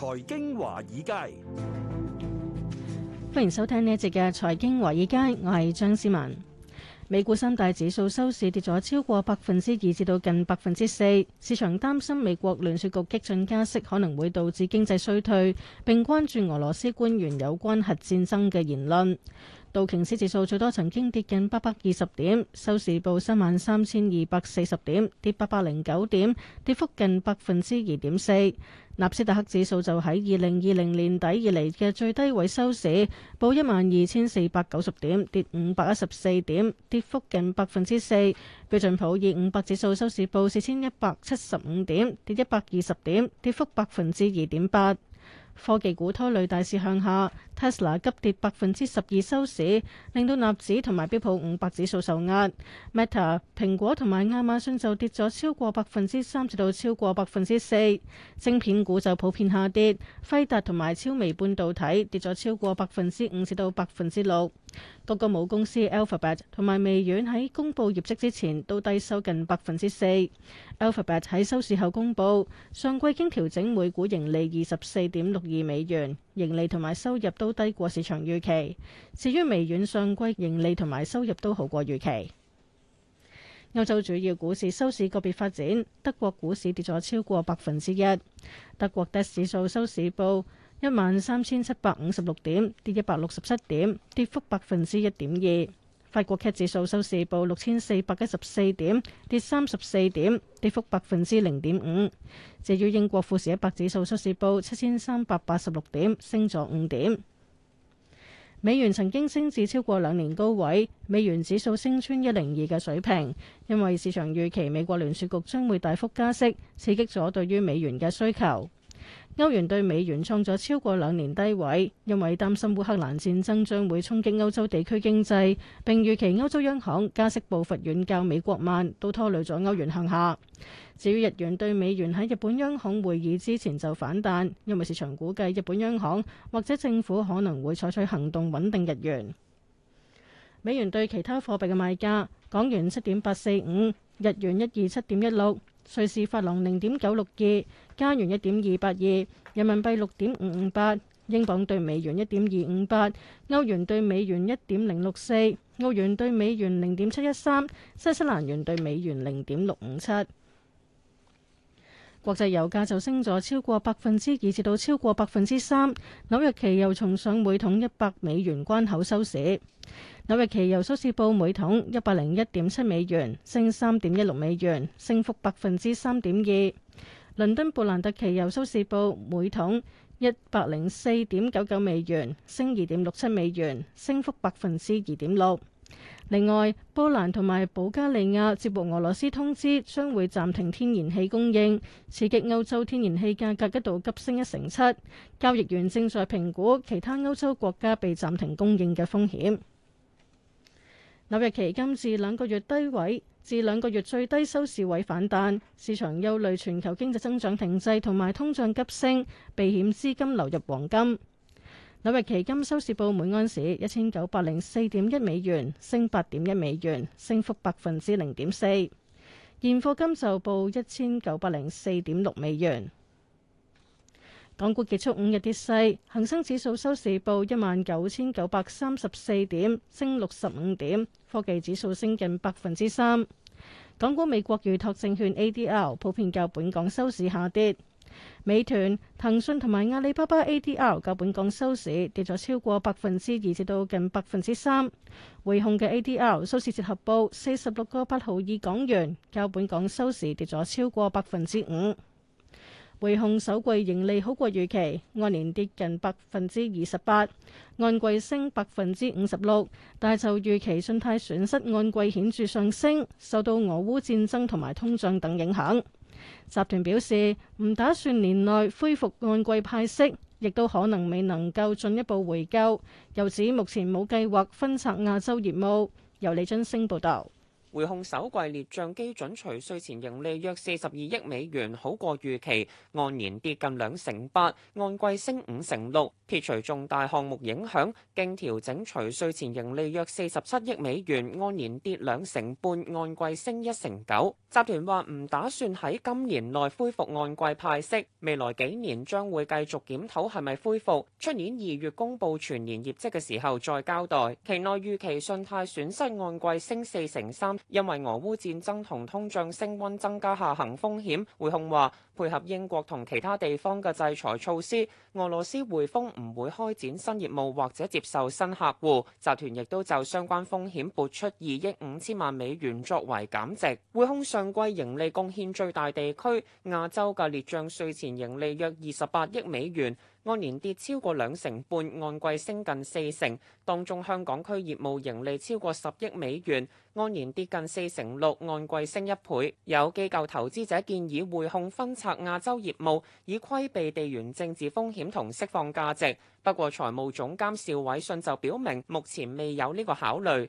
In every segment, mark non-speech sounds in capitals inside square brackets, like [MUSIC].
財經華爾街，歡迎收聽呢一節嘅財經華爾街，我係張思文。美股三大指數收市跌咗超過百分之二至到近百分之四，市場擔心美國聯儲局激進加息可能會導致經濟衰退，並關注俄羅斯官員有關核戰爭嘅言論。道瓊斯指數最多曾經跌近八百二十點，收市報三萬三千二百四十點，跌八百零九點，跌幅近百分之二點四。納斯達克指數就喺二零二零年底以嚟嘅最低位收市，報一萬二千四百九十點，跌五百一十四點，跌幅近百分之四。標準普爾五百指數收市報四千一百七十五點，跌一百二十點，跌幅百分之二點八。科技股拖累大市向下。特斯拉急跌百分之十二收市，令到納指同埋標普五百指數受壓。Meta、蘋果同埋亞馬遜就跌咗超過百分之三至到超過百分之四。晶片股就普遍下跌，輝達同埋超微半導體跌咗超過百分之五至到百分之六。谷歌母公司 Alphabet 同埋微軟喺公布業績之前都低收近百分之四。Alphabet 喺收市後公布，上季經調整每股盈利二十四點六二美元，盈利同埋收入都低過市場預期。至於微軟上季盈利同埋收入都好過預期。歐洲主要股市收市個別發展，德國股市跌咗超過百分之一，德國的指數，收市報一萬三千七百五十六點，跌一百六十七點，跌幅百分之一點二。法國 CAC 指數收市報六千四百一十四點，跌三十四點，跌幅百分之零點五。至於英國富時一百指數收市報七千三百八十六點，升咗五點。美元曾經升至超過兩年高位，美元指數升穿一零二嘅水平，因為市場預期美國聯儲局將會大幅加息，刺激咗對於美元嘅需求。歐元對美元創咗超過兩年低位，因為擔心烏克蘭戰爭將會衝擊歐洲地區經濟，並預期歐洲央行加息步伐遠較美國慢，都拖累咗歐元向下。至於日元對美元喺日本央行會議之前就反彈，因為市場估計日本央行或者政府可能會採取行動穩定日元。美元對其他貨幣嘅賣價，港元七點八四五，日元一二七點一六。瑞士法郎零點九六二，加元一點二八二，人民幣六點五五八，英鎊兌美元一點二五八，歐元兌美元一點零六四，澳元兌美元零點七一三，新西蘭元兌美元零點六五七。國際油價就升咗超過百分之二，至到超過百分之三。紐約期油重上每桶一百美元關口收市。紐約期油收市報每桶一百零一點七美元，升三點一六美元，升幅百分之三點二。倫敦布蘭特期油收市報每桶一百零四點九九美元，升二點六七美元，升幅百分之二點六。另外，波蘭同埋保加利亞接獲俄羅斯通知，將會暫停天然氣供應，刺激歐洲天然氣價格一度急升一成七。交易員正在評估其他歐洲國家被暫停供應嘅風險。紐約期金自兩個月低位，自兩個月最低收市位反彈，市場憂慮全球經濟增長停滯同埋通脹急升，避險資金流入黃金。紐約期金收市報每安士一千九百零四點一美元，升八點一美元，升幅百分之零點四。現貨金就報一千九百零四點六美元。港股結束五日跌勢，恒生指數收市報一萬九千九百三十四點，升六十五點，科技指數升近百分之三。港股美國預託證券 ADR 普遍較本港收市下跌。美團、騰訊同埋阿里巴巴 ADR 較本港收市跌咗超過百分之二，至到近百分之三。匯控嘅 ADR 收市折合報四十六個八毫二港元，較本港收市跌咗超過百分之五。匯控首季盈利好過預期，按年跌近百分之二十八，按季升百分之五十六，但就預期信貸損失按季顯著上升，受到俄烏戰爭同埋通脹等影響。集團表示，唔打算年內恢復按季派息，亦都可能未能夠進一步回購。又指目前冇計劃分拆亞洲業務。由李津升報道。匯控首季列賬基準除稅前盈利約四十二億美元，好過預期，按年跌近兩成八，按季升五成六。撇除重大項目影響，經調整除稅前盈利約四十七億美元，按年跌兩成半，按季升一成九。集團話唔打算喺今年內恢復按季派息，未來幾年將會繼續檢討係咪恢復。出年二月公布全年業績嘅時候再交代。期內預期信貸損失按季升四成三。因為俄烏戰爭同通脹升溫增加下行風險，匯控話配合英國同其他地方嘅制裁措施，俄羅斯匯豐唔會開展新業務或者接受新客戶。集團亦都就相關風險撥出二億五千萬美元作為減值。匯控上季盈利貢獻最大地區亞洲嘅列賬稅前盈利約二十八億美元。按年跌超過兩成半，按季升近四成。當中香港區業務盈利超過十億美元，按年跌近四成六，按季升一倍。有機構投資者建議匯控分拆亞洲業務，以規避地緣政治風險同釋放價值。不過財務總監邵偉信就表明，目前未有呢個考慮。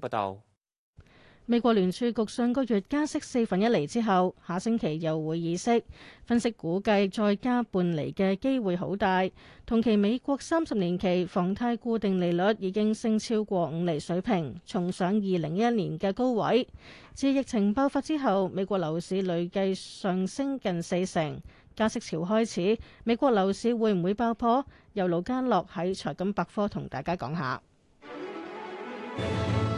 報，美國聯儲局上個月加息四分一厘之後，下星期又會議息，分析估計再加半厘嘅機會好大。同期美國三十年期房貸固定利率已經升超過五厘水平，重上二零一一年嘅高位。自疫情爆發之後，美國樓市累計上升近四成，加息潮開始，美國樓市會唔會爆破？由盧家樂喺財經百科同大家講下。 [MUSIC]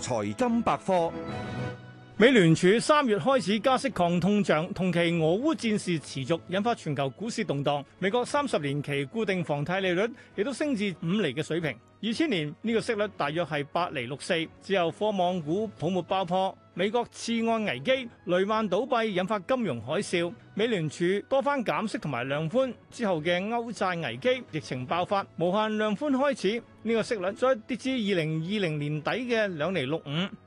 財金百科：美聯儲三月開始加息抗通脹，同期俄烏戰事持續引發全球股市動盪。美國三十年期固定房貸利率亦都升至五厘嘅水平。二千年呢個息率大約係八厘六四。之後，科網股泡沫爆破，美國次按危機、雷曼倒閉引發金融海嘯。美聯儲多番減息同埋量寬之後嘅歐債危機、疫情爆發、無限量寬開始。呢個息率再跌至二零二零年底嘅兩厘六五，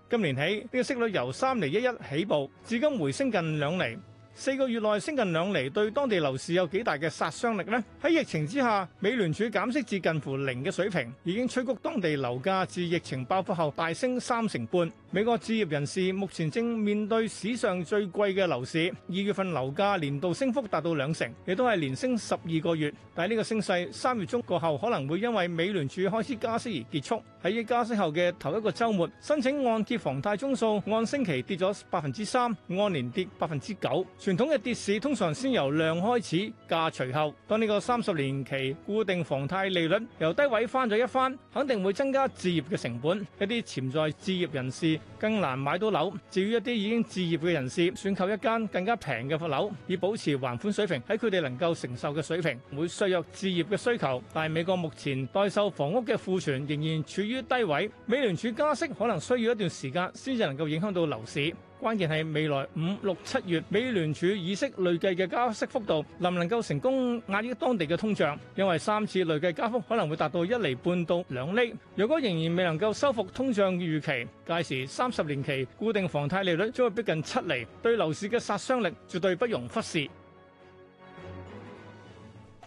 今年起呢個息率由三厘一一起步，至今回升近兩厘。四個月內升近兩厘，對當地樓市有幾大嘅殺傷力呢？喺疫情之下，美聯儲減息至近乎零嘅水平，已經催谷當地樓價至疫情爆發後大升三成半。美國置業人士目前正面對史上最貴嘅樓市，二月份樓價年度升幅達到兩成，亦都係連升十二個月。但係呢個升勢三月中過後可能會因為美聯儲開始加息而結束。喺加息後嘅頭一個週末，申請按揭房貸宗數按星期跌咗百分之三，按年跌百分之九。傳統嘅跌市通常先由量開始，價隨後。當呢個三十年期固定房貸利率由低位翻咗一番，肯定會增加置業嘅成本。一啲潛在置業人士更難買到樓。至於一啲已經置業嘅人士，選購一間更加平嘅樓，以保持還款水平喺佢哋能夠承受嘅水平，會削弱置業嘅需求。但係美國目前待售房屋嘅庫存仍然處於低位，美聯儲加息可能需要一段時間先至能夠影響到樓市。關鍵係未來五六七月，美聯儲議息累計嘅加息幅度能唔能夠成功壓抑當地嘅通脹？因為三次累計加幅可能會達到一厘半到兩厘。如果仍然未能夠收復通脹預期，屆時三十年期固定房貸利率將會逼近七厘，對樓市嘅殺傷力絕對不容忽視。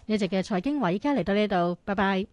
呢集嘅財經話，依家嚟到呢度，拜拜。